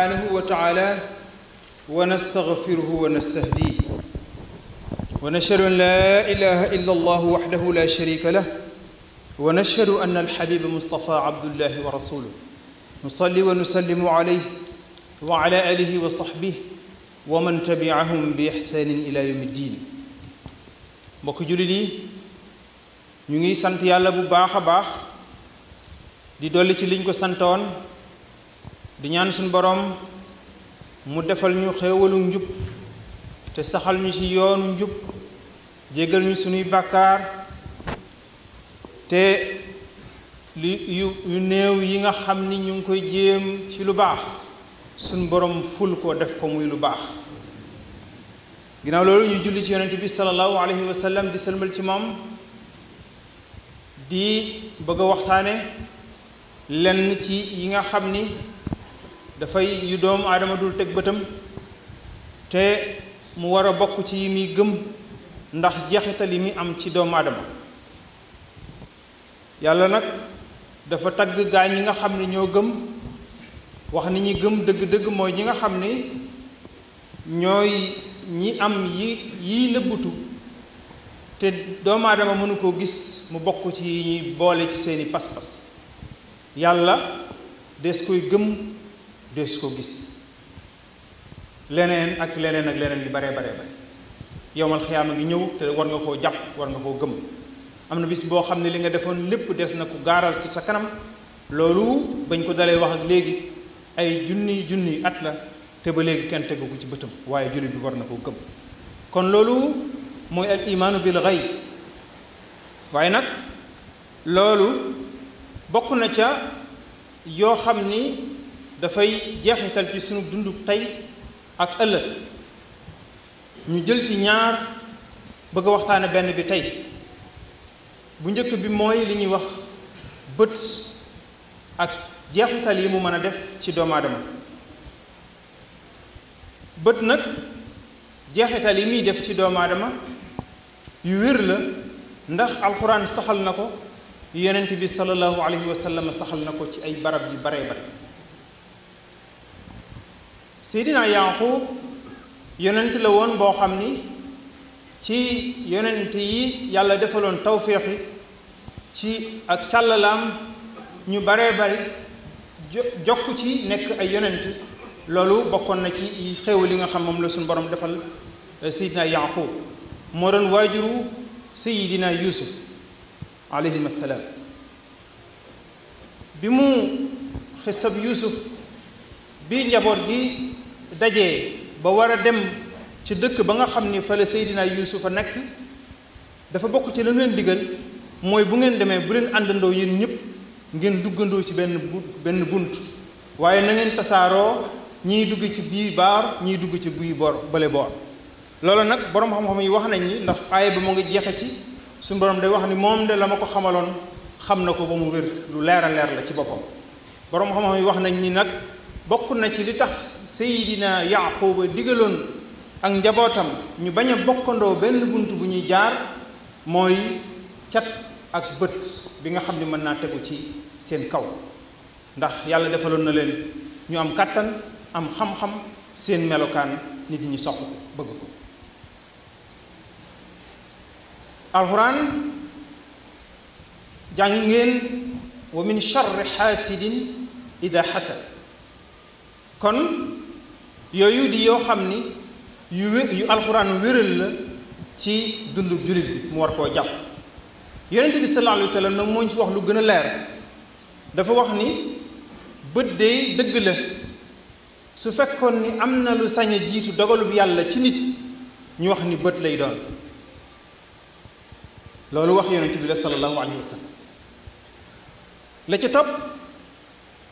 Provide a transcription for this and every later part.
سبحانه وتعالى ونستغفره ونستهديه ونشهد أن لا إله إلا الله وحده لا شريك له ونشهد أن الحبيب مصطفى عبد الله ورسوله نصلي ونسلم عليه وعلى آله وصحبه ومن تبعهم بإحسان إلى يوم الدين mbokk jullit yi ñu ngi sant yàlla bu baax a baax di dolli ci liñ ko santoon di ñaan suñ boroom mu defal ñu xéewalu njub te saxal ñu ci yoonu njub jégal ñu sunuy bàkkaar te li yu yu néew yi nga xam ni ñu ngi koy jéem ci lu baax suñ boroom ful ko def ko muy lu baax ginnaaw loolu ñu julli ci yonent bi sallallahu alayhi wa sallam di sëlmal ci moom di bëgg waxtaane lenn ci yi nga xam ni dafay yu doomu aadama dul teg bëtam te mu war a bokk ci yi muy gëm ndax jeexital yi muy am ci doomu aadama yàlla nag dafa tagg gaa ñi nga xam ne ñoo gëm wax ni ñi gëm dëgg-dëgg mooy ñi nga xam ne ñooy ñi am yi yiy nëbbutu te doomu aadama mënu koo gis mu bokk ci ñuy boole ci seeni pas-pas yàlla des koy gëm des ko gis leneen ak leneen ak leneen li baree baree bare yowmal xiyaama ngi ñëw te war nga koo jàpp war nga koo gëm am na bis boo xam ne li nga defoon lépp des na ku gaaral si sa kanam loolu bañ ko dalee wax ak léegi ay junni junni at la te ba léegi kenn tegu ko ci bëtam waaye jullit bi war na koo gëm kon loolu mooy al imaanu bil gayb waaye nag loolu bokk na ca yoo xam ni dafay jeexital ci sunu dundu tey ak ëllëg ñu jël ci ñaar bëgg waxtaane benn bi tey bu njëkk bi mooy li ñuy wax bët ak jeexital yi mu mën a def ci doomu bët nag jeexital yi muy def ci doomu aadama yu wér la ndax alxuraan saxal na ko yonent bi sallallahu alayhi wa sallam saxal na ko ci ay barab yu baree bare seydina yanqub yonent la woon boo xam ni ci yonent yi yàlla defaloon tawféexi ci ak càllalaam ñu baree bari jokk ci nekk ay yonent loolu bokkoon na ci xéew li nga xam moom la suñu borom defal eh, seydina yanqub moo doon waajuru seydina yusuf alayhim assalaam bi mu xisab yusuf bi njaboot gi daje ba war a dem ci dëkk ba nga xam ni fa la Seydina Yuusufa nekk dafa bokk ci la leen digal mooy bu ngeen demee bu leen àndandoo yéen ñëpp ngeen duggandoo ci benn bu benn bunt waaye na ngeen tasaaroo ñiy dugg ci bii baar ñiy dugg ci bii bor bale boor loolu nag boroom xam-xam yi wax nañ ni ndax aaya ba mu ngi jeexe ci su borom day wax ni moom de la ma ko xamaloon xam na ko ba mu wér lu leer a leer la ci boppam boroom xam-xam yi wax nañ ni bokk na ci li tax Seydina Yaaquba digaloon ak njabootam ñu bañ a bokkandoo benn bunt bu ñuy jaar mooy cat ak bët bi nga xam ne mën naa tegu ci seen kaw ndax yàlla defaloon na leen ñu am kàttan am xam-xam seen melokaan nit ñi soxla ko bëgg ko alxuraan jàng ngeen wa min charri xaasidin kon yooyu di yoo xam ni yu yu alxuraan wéral la ci dundu jullit bi mu war koo jàpp yonent bi sallallahu alayhi ci wax lu gën a leer dafa wax ni bët dee dëgg la su fekkoon ni am na lu sañ a jiitu dogalub yàlla ci nit ñu wax ni bët lay doon loolu wax yonent bi la sallallahu alayhi la ca topp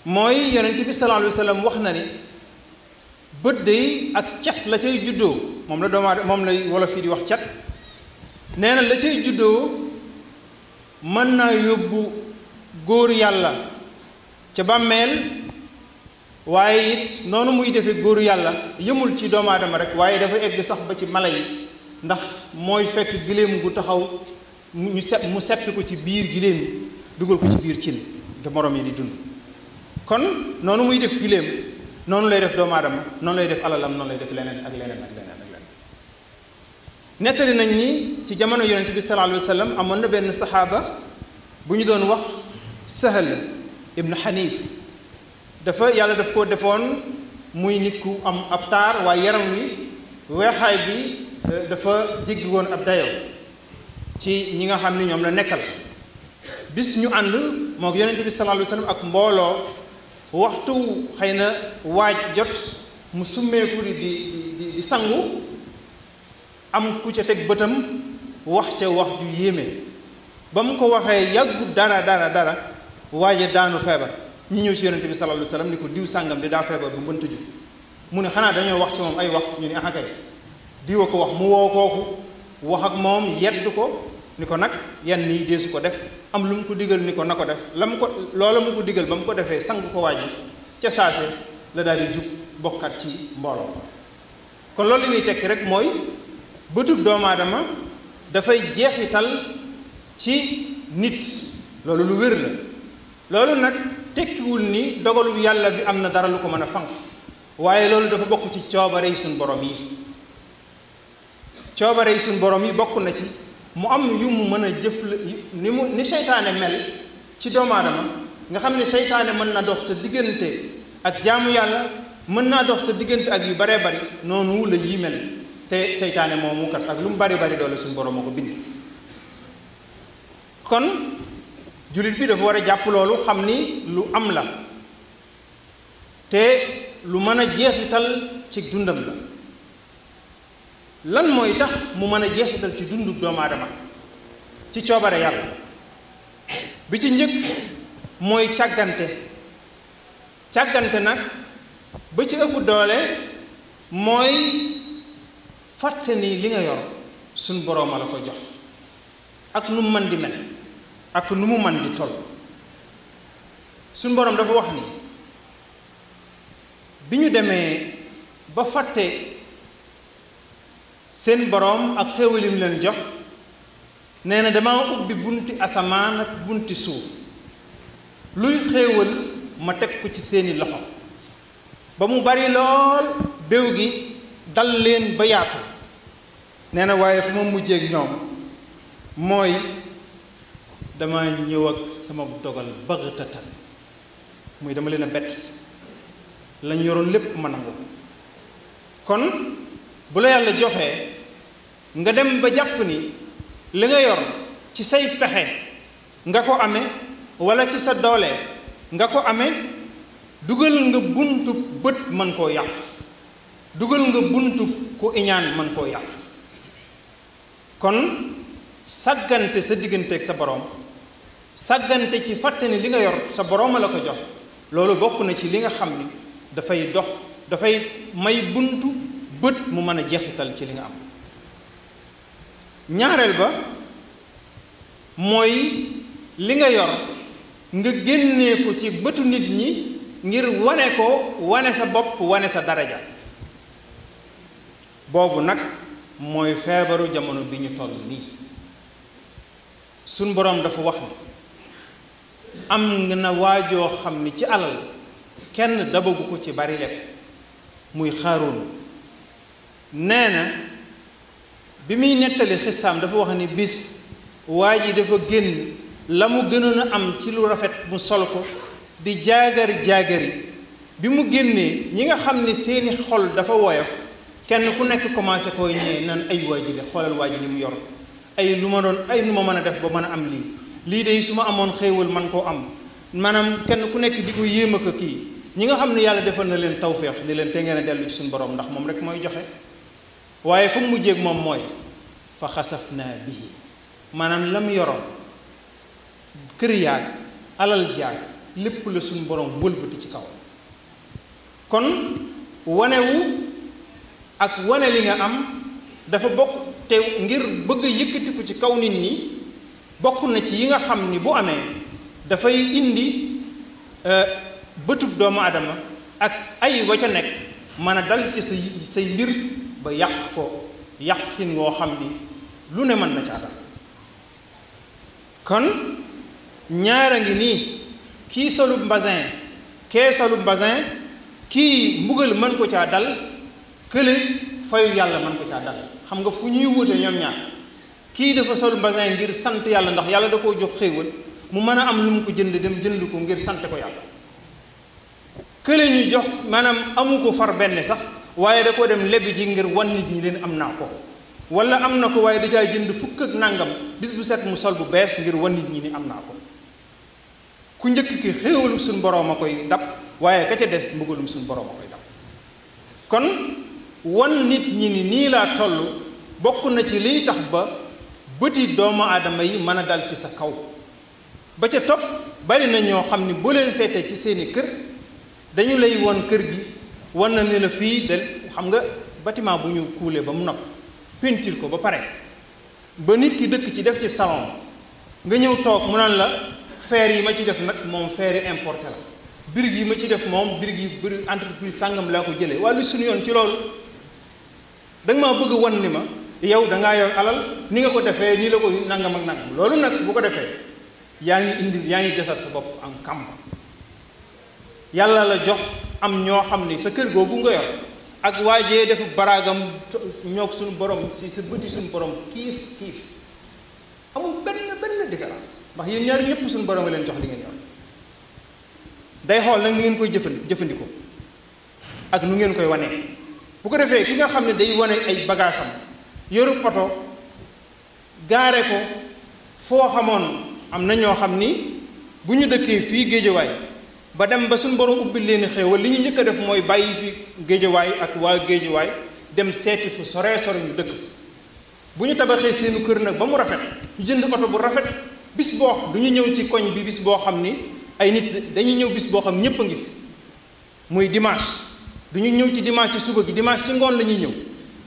mooy yonent bi sallallahu alayhi wa wax na ni bët de ak cat la cay juddoo moom la doomaa moom lay wolof yi di wax cat nee na la cay juddoo mën naa yóbbu góor yàlla ca bàmmeel waaye it noonu muy defe góor yàlla yëmul ci doomu aadama rek waaye dafa egg sax ba ci mala yi ndax mooy fekk giléem bu taxaw mu ñu set mu seppi ko ci biir giléem yi dugal ko ci biir cin te moroom yi di dund kon noonu muy def gileem noonu lay def doomu noonu lay def alalam noonu lay def leneen ak leneen ak leneen nettali nañ ni ci jamono yonent bi sallallahu alayhi wa sallam amoon na benn saxaaba bu ñu doon wax Sahal ibn Hanif dafa yàlla daf ko defoon muy nit ku am ab taar waaye yaram wi weexaay bi e, dafa jéggi woon ab dayo ci ñi nga xam ne ñoom la nekkal bis ñu ànd mook yonent bi sallallahu alayhi wa ak mbooloo waxtu xëy na waaj jot mu summeeku di di di sangu am ku ca teg bëtam wax ca wax ju yéeme ba mu ko waxee yàggu dara dara dara waaje daanu feebar ñi ñëw ci yonente bi sallallahu alayhi wasallam ni ko diw sàngam di daa feebar bu mënta ju mu ne xanaa dañoo wax ci moom ay wax ñu ne ah kay diwa ko wax mu wow kooku wax ak moom yedd ko ni ko nag yenn nii ko def am lu mu ko digal ni ko na ko def la mu ko loola mu ko digal ba mu ko defee sang ko waaj ca saase la daal di jug bokkat ci mbooloo kon loolu muy tekki rek mooy bëtub doomu aadama dafay tal ci nit loolu lu wér la loolu nag tekkiwul ni dogalub yàlla bi am na dara lu ko mën a fanq waaye loolu dafa bokk ci coobare yi suñ borom yi coobare yi suñ borom yi bokk na ci mu am yu mu mën a jëf la ni mu ni seytaane mel ci doomu nga xam ne seytaane mën na dox sa diggante ak jaamu yàlla mën naa dox sa diggante ak yu baree bari noonu la yii mel te seytaane moomu ak lu mu bari bari doole suñu borom a ko bind kon jullit bi dafa war a jàpp loolu xam ni lu am la te lu mën a jeexital ci dundam la lan mooy tax mu mën a jeexital ci dundu doomu aadama ci coobare yàlla bi ci njëkk mooy càggante càggante nag ba ci ëpp doole mooy fàtte ni li nga yor suñ boroom a la ko jox ak nu mu mën di mel ak nu mu mën di toll suñ boroom dafa wax ni bi ñu demee ba fàtte seen boroom ak xéewalim leen jox nee na dama ubbi bunti asamaan ak bunti suuf luy xéewal ma teg ko ci seeni loxo ba mu bari lool béw gi dal leen ba yaatu nee na waaye fu ma mujjeeg ñoom mooy dama ñëw ak sama dogal bëggatatan muy dama leen a bett lañ yoroon lépp mën a kon bu la yàlla joxee nga dem ba jàpp ni li nga yor ci say pexe nga ko ame walla ci sa doole nga ko ame dugal nga buntu bët mën koo yàq dugal nga buntu ku iñaan mën koo yàq kon sàggante sa diggante ak sa boroom sàggante ci fàtte ni li nga yor sa boroom la ko jox loolu bokk na ci li nga xam ni dafay dox dafay may buntu bët mu mën a jeexital ci li nga am ñaareel ba mooy li nga yor nga génnee ko ci bëtu nit ñi ngir wane ko wane sa bopp wane sa daraja boobu nag mooy feebaru jamono bi ñu toll nii suñ boroom dafa wax ni am na waajoo xam ni ci alal kenn dabagu ko ci bari lépp muy xaaroon nee na bi muy nettali xistaam dafa wax ni bis waa ji dafa génn la mu gënoon a am ci lu rafet mu sol ko di jaagar jaagari bi mu génnee ñi nga xam ne seeni xol dafa woyof kenn ku nekk commencé koo ñëwee nan ay waa ji la xoolal waa ji li mu yor ay lu ma doon ay lu ma mën a def ba mën a am lii lii de su ma amoon xéewal man koo am maanaam kenn ku nekk di ko yéem a ko kii ñi nga xam ni yàlla defal na leen tawféex ni leen te ngeen dellu ci suñu borom ndax moom rek mooy joxe waaye fa mujjeek moom mooy fa xasaf naa bihi maanaam lam yoroon kër yaag alal jaag lépp la suñu borom wëlbati ci kaw kon wanewu ak wane li nga am dafa bokk te ngir bëgg a ci kaw nit ñi bokk na ci yi nga xam ni bu amee dafay indi euh, bëtub doomu adama ak ay wa ca nekk mën a dal ci say say mbir ba yàq ko yàqin woo xam ni lu ne mën na caa dal kon ñaar a ngi nii kii solub mbasin kee solu mbasin kii mbugal mën ko caa dal kële fayu yàlla mën ko caa dal xam nga fu ñuy wute ñoom ñaar kii dafa sol mbasin ngir sant yàlla ndax yàlla da koo jox xéewal mu mën a am lu mu ko jënd dem jënd ko ngir sant ko yàlla kële ñu jox maanaam amu ko far benn sax waaye da koo dem lebi ji ngir wan nit ñi leen am naa ko wala am na ko waaye da caa jënd fukk ak nàngam bis bu set mu sol bu bees ngir wan nit ñi ni am naa ko ku njëkk ki xéewalug suñ boroom a koy dab waaye ka ca des mbugalum suñu boroom a koy dab kon wan nit ñi ni nii laa toll bokk na ci liy tax ba bëti doomu aadama yi mën a dal ci sa kaw ba ca topp bari na ñoo xam ni boo leen seetee ci seeni kër dañu lay won kër gi wan na ne la fii de xam nga batiment bu ñu kuulee ba mu nopp peinture ko ba pare ba nit ki dëkk ci def ci salon nga ñëw toog mu naan la fer yi ma ci def nag moom fer yi importé la birig yi ma ci def moom birig yi birig entreprise sàngam laa ko jëlee wàllu suñu yoon ci loolu da ma bëgg wan ni ma yow danga ngaa alal ni nga ko defee nii la ko nangam ak nangam loolu nag bu ko defee yaa ngi indi yaa ngi gasal sa bopp am kàmb yàlla la jox am ñoo xam ni sa kër googu nga yor ak waajee def baraagam ñoog suñu borom si sa bëti suñu borom kiif kiif amul benn benn différence ndax yéen ñaar ñëpp suñu borom a leen jox li ngeen yor day xool nag nu ngeen koy jëfan jëfandikoo ak nu ngeen koy wane bu ko defee ki nga xam ne day wane ay bagaasam yoru poto gaare ko foo xamoon am na ñoo xam ni bu ñu dëkkee fii géejawaay ba dem ba suñ borom ubbi leen xéewal li ñu njëkk a def mooy bàyyi fi géejawaay ak waa géejawaay dem seeti fu soree sore ñu dëkk fi bu ñu tabaxee seenu kër nag ba mu rafet ñu jënd oto bu rafet bis boo du ñu ñëw ci koñ bi bis boo xam ni ay nit dañuy ñëw bis boo xam ñépp a ngi fi muy dimanche du ñu ñëw ci dimanche ci suba gi dimanche ci ngoon la ñuy ñëw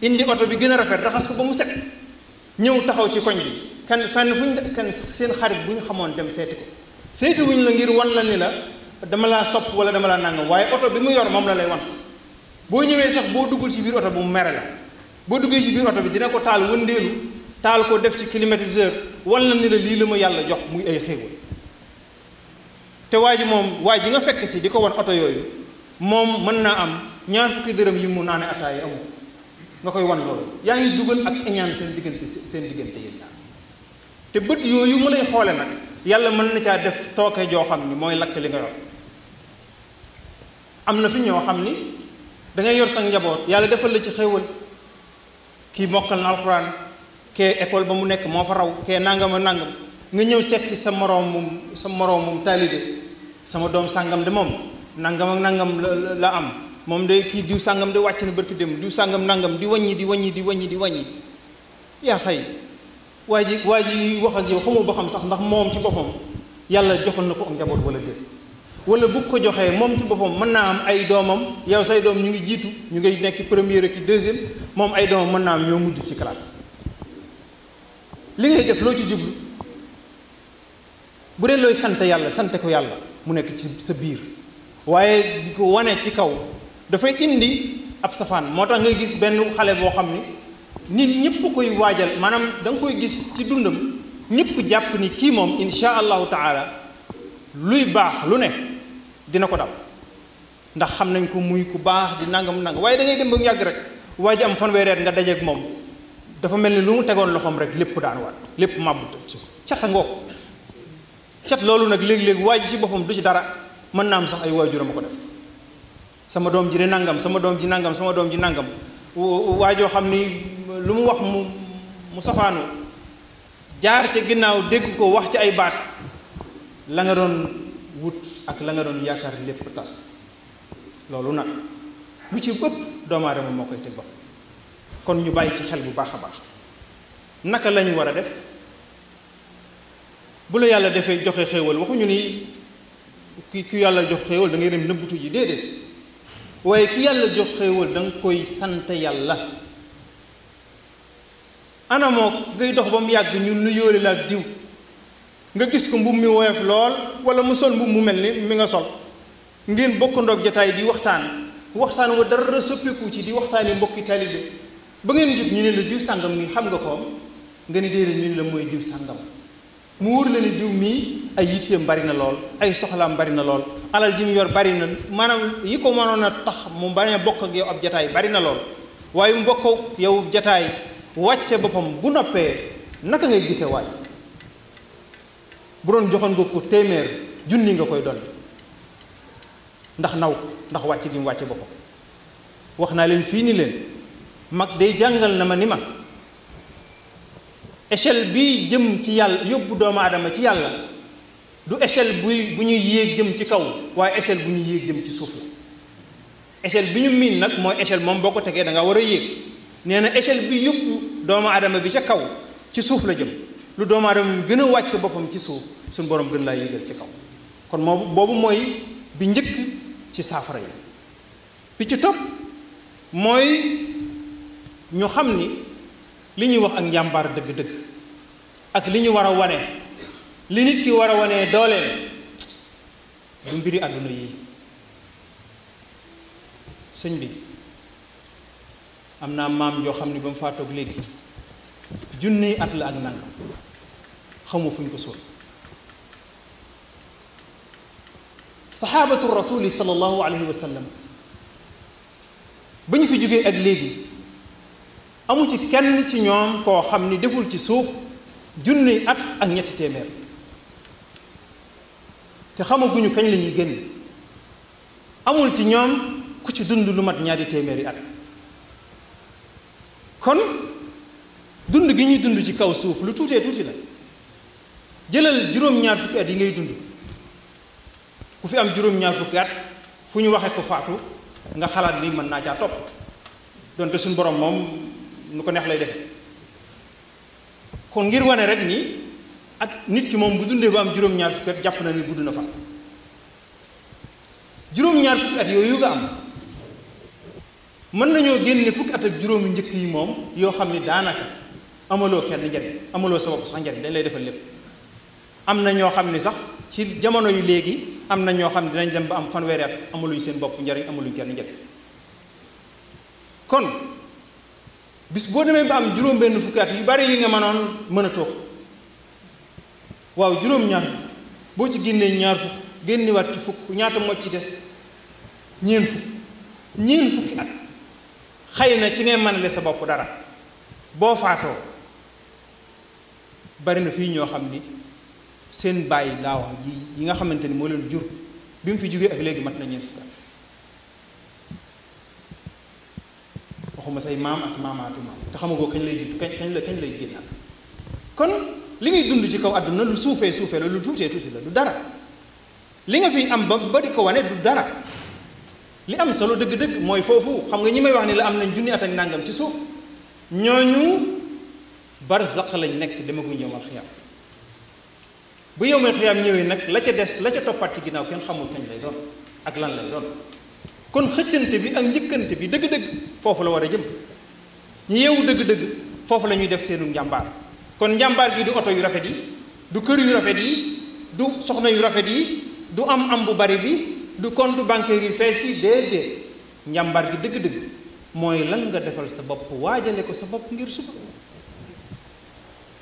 indi oto bi gën a rafet raxas ko ba mu set ñëw taxaw ci koñ bi kenn fenn fu ñu kenn seen xarit bu ñu xamoon dem seeti ko seeti la ngir wan ni la dama laa sopp wala dama laa nangam waaye oto bi mu yor moom la lay wan sax boo ñëwee sax boo duggul ci biir oto bu mu mere la boo duggee ci biir oto bi dina ko taal wëndeelu taal ko def ci climatiseur wan la ni la lii la ma yàlla jox muy ay xéewal te waa ji moom waa ji nga fekk si di ko wan oto yooyu moom mën naa am ñaar fukki dërëm yi mu naane ataaya amul nga koy wan loolu yaa ngi dugal ak iñaan seen diggante seen diggante yéen daal te bët yooyu mu lay xoole nag yàlla mën na caa def tooke joo xam ni mooy lakk am na fi ñoo xam ni dangay yor sa njaboot yàlla defal la ci xéwal kii mokkal na alxuraan kee école ba mu nekk moo fa raw kee nangam a nangam nga ñëw seet ci sa moroomum sa moroomum taalibe sama doom sàngam de moom nangam ak nangam la la am moom de kii diw sàngam de wàcc na bërki dem diw sàngam nangam di wàññi di wàññi di wàññi di wàññi yaa xëy waa ji waa ji wax ak yow xamul ba xam sax ndax moom ci boppam yàlla joxal na ko ak njaboot wala déet wala bu ko joxee moom ci boppam mën naa am ay doomam yow say doom ñu ngi jiitu ñu ngay nekk première ak deuxième moom ay doomam mën naa am ñoo mujj ci classe bi li ngay def loo ci jublu bu dee looy sant yàlla sante ko yàlla mu nekk ci sa biir waaye di ko wane ci kaw dafay indi ab safaan moo tax ngay gis benn xale boo xam ni nit ñëpp koy waajal maanaam danga koy gis ci dundam ñëpp jàpp ni kii moom insha allahu taala luy baax lu ne dina ko dal ndax xam nañ ko muy ku baax di nangam nangam waaye da ngay dem ba mu yàgg rek waa am fanweeri at nga dajeeg moom dafa mel ni lu mu tegoon loxoom rek lépp daan waat lépp màbbu suuf cat a loolu nag léegi léeg waa ji ci boppam du ci dara mën naa am sax ay waajur ma ko def sama doom ji de nangam sama doom ji nangam sama doom ji nangam waajoo xam ni lu mu wax mu mu safaanu jaar ca ginnaaw dégg ko wax ci ay baat la nga doon wut ak la nga doon yaakaar lépp tas loolu nag lu ci bëpp doomu aadama moo koy teg bopp kon ñu bàyyi ci xel bu baax a baax naka lañu war a def bu la yàlla defee joxe xéewal waxuñu ni ki ki yàlla jox xéewal da ngay dem nëbbutu ji déedéet yàlla jox xéewal da koy sant yàlla anamoo ngay dox ba mu yàgg ñu nuyóole la ak diw nga gis ko mbubb mi woyof lool wala mu sol mbubb mu mel ni mi nga sol ngeen bokkandoo ndoog jotaay di waxtaan waxtaan wa dara soppiku ci di waxtaani mbokki taalibe ba ngeen jub ñu ne la diw sàngam mi xam nga ko nga ni déedéet ñu ne la mooy diw sàngam mu wóor la ne diw mii ay yitteem bari na lool ay soxlaam bari na lool alal ji mu yor bari na maanaam yi ko mënoon a tax mu bañ a bokk ak yow ab jataay bari na lool waaye mu bokk yow jataay wàcce boppam bu noppee naka ngay gise waaj bu doon joxoon nga ko téeméer junni nga koy doon ndax naw ndax wàcc gi mu wàcce boppam wax naa leen fii ni leen mag day jàngal na ma ni ma échelle bi jëm ci yàlla yóbbu doomu aadama ci yàlla du échelle buy bu ñuy yéeg jëm ci kaw waaye échelle bu ñuy yéeg jëm ci suuf la échelle bi ñu miin nag mooy échelle moom boo ko tegee da war a yéeg nee na échelle bi yóbbu doomu aadama bi ca kaw ci suuf la jëm lu doomu aadama gën a wàcc boppam ci suuf suñ borom gën laa yéegal ci kaw kon moom boobu mooy bi njëkk ci saafara yi bi topp mooy ñu xam ni li ñuy wax ak njàmbaar dëgg-dëgg ak li ñu war a wane li nit ki war a wane dooleen du mbiri àdduna yi sëñ bi am naa maam yoo xam ni ba mu faatoog léegi junni at la ak nangam xamu fu ñu ko suul saxaabatu rasuli sallallahu alayhi wa ba ñu fi jógee ak léegi amu ci kenn ci ñoom koo xam ni deful ci suuf junni at ak ñetti téeméer te xamaguñu kañ lañuy ñuy génn amul ci ñoom ku ci dund lu mat ñaari téeméeri at kon dund gi ñuy dund ci kaw suuf lu tuutee tuuti la jëlal juróom-ñaar fukki at yi ngay dund ku fi am juróom-ñaar fukki at fu ñu waxe ko faatu nga xalaat ni mën naa caa topp donte suñu borom moom nu ko neex lay defe kon ngir wane rek ni ak nit ki moom bu dundee ba am juróom-ñaar fukki at jàpp na ni gudd na fa juróom-ñaar fukki at yooyu nga am mën nañoo génne fukki at ak juróomi njëkk yi moom yoo xam ni daanaka amaloo kenn njariñ amaloo sa bopp sax njariñ dañ lay defal lépp am na ñoo xam ni sax ci jamono yu léegi am na ñoo xam ne dinañ dem ba am fanweeri at seen bopp njariñ amaluñ kenn njariñ kon bis boo demee ba am juróom-benn fukki at yu bari yi nga mënoon mën a toog waaw juróom boo ci génnee ñaar fukk génnewaat ñaata moo ci des ñeen fukk xëy na ci ngay sa bopp dara boo faatoo bari na fii ñoo xam ni seen bàyyi laa wax ji yi nga xamante ni moo leen jur bi mu fi jógee ak léegi mat na ñeent fukk waxuma say maam ak maamaatu maam te xamagoo kañ lay judd kañ kañ la kañ kon li ngay dund ci kaw àdduna lu suufee suufee la lu tuutee tuuti la du dara li nga fi am ba bari ko wane du dara li am solo dëgg-dëgg mooy foofu xam nga ñi may wax ni la am nañ junni at ak nàngam ci suuf ñooñu barzaq lañ nekk dama guy yowmal xiyaam bu yowmal xiyaam ñëwee nag la ca des la ca toppaat ci ginnaaw kenn xamul kañ lay doon ak lan lay doon kon xëccante bi ak njëkkante bi dëgg-dëgg foofu la war a jëm ñu yeewu dëgg-dëgg foofu la ñuy def seenu njàmbaar kon njàmbaar gi du oto yu rafet yi du kër yu rafet yi du soxna yu rafet yi du am am bu bari bi du compte bancaire yu fees yi déedéet njàmbaar gi dëgg-dëgg mooy lan nga defal sa bopp waajale ko sa bopp ngir suba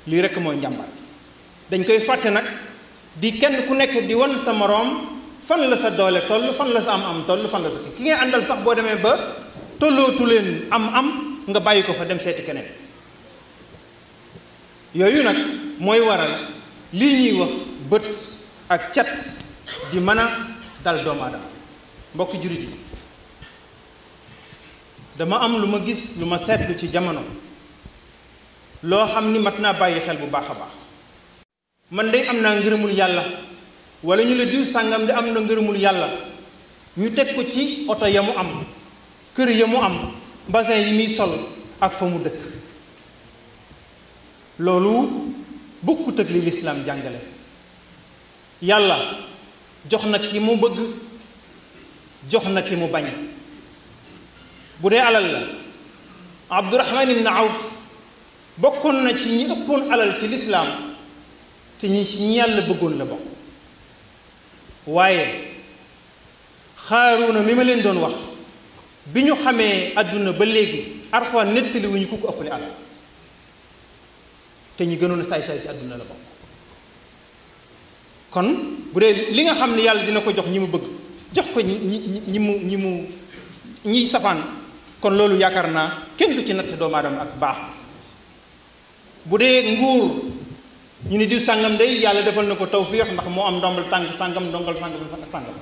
lii rek mooy njàmbar dañ koy fàtte nag di kenn ku nekk di wan sa moroom fan la sa doole toll fan la sa am am toll fan la sa ki ngay àndal sax boo demee ba tollootu leen am am nga bàyyi ko fa dem seeti keneen yooyu nag mooy waral lii ñuy wax bët ak cat di mën a dal doomu aadama mbokki jurit yi dama am lu ma gis lu ma seetlu ci jamono loo xam ni mat naa bàyyi xel bu baax a baax man de am naa ngërëmul yàlla wala ñu la diw sàngam di am na ngërëmul yàlla ñu teg ko ci oto ya mu am kër ya mu am basin yi muy sol ak fa mu dëkk loolu bokkut ak li lislaam jàngale yàlla jox na ki mu bëgg jox na ki mu bañ bu dee alal la abdurahman na aw bokkoon na ci ñi ëppoon alal ci lislaam te ñi ci ñi yàlla bëggoon la bokk waaye xaaruuna mi ma leen doon wax bi ñu xamee àdduna ba léegi arxuwaan nettali ku ko ëppale alal te ñi gënoon a saay-saay ci àdduna la bokk kon bu dee li nga xam ne yàlla dina ko jox ñi mu bëgg jox ko ñi ñi ñi mu ñi mu ñiy safaan kon loolu yaakaar naa kenn du ci natt doomu aadama ak baax bu dee nguur ñu ni diw sàngam day yàlla defal na ko tawfiix ndax moo am ndombal tànk sàngam ndongal sàngam sàngam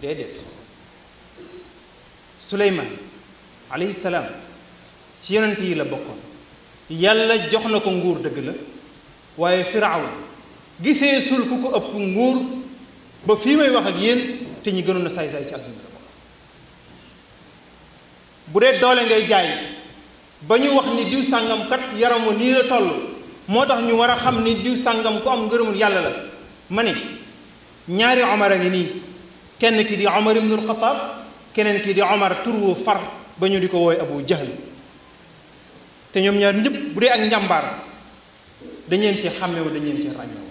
déedéet suleymaan alayhi salaam ci yonent yi la bokkoon yàlla jox na ko nguur dëgg la waaye firaaw gisee sul ku ko ëpp nguur ba fi may wax ak yéen te ñi gënoon a saay-saay ci àdduna la bokk bu dee doole ngay jaay ba ñu wax ni diw sàngam kat yaramu nii la toll moo tax ñu war a xam ni diw sàngam ku am ngërëmul yàlla la ma ne ñaari omar a ngi nii kenn ki di omar ibnul xataab keneen ki di omar tur wu far ba ñu di ko wooy abu jahl te ñoom ñaar ñëpp bu dee ak njàmbaar dañ leen ci xàmmewu dañ leen ci ràññewu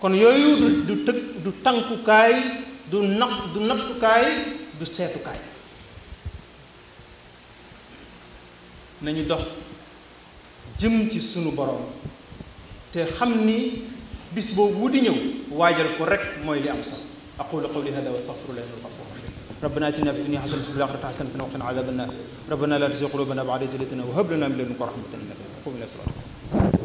kon yooyu du du tëg du tànkukaay du naq du nattukaay du seetukaay nañu dox jëm ci sunu borom te xam ni bis boobu wu di ñëw waajal ko rek mooy li am sax aqulu qawli hada wa astaghfirullah wa astaghfirullah ربنا اتنا في الدنيا حسنه وفي الاخره حسنه وقنا عذاب النار ربنا لا تزغ قلوبنا بعد إذ هديتنا وهب لنا من لدنك رحمه انك انت الوهاب قوم الى صلاتكم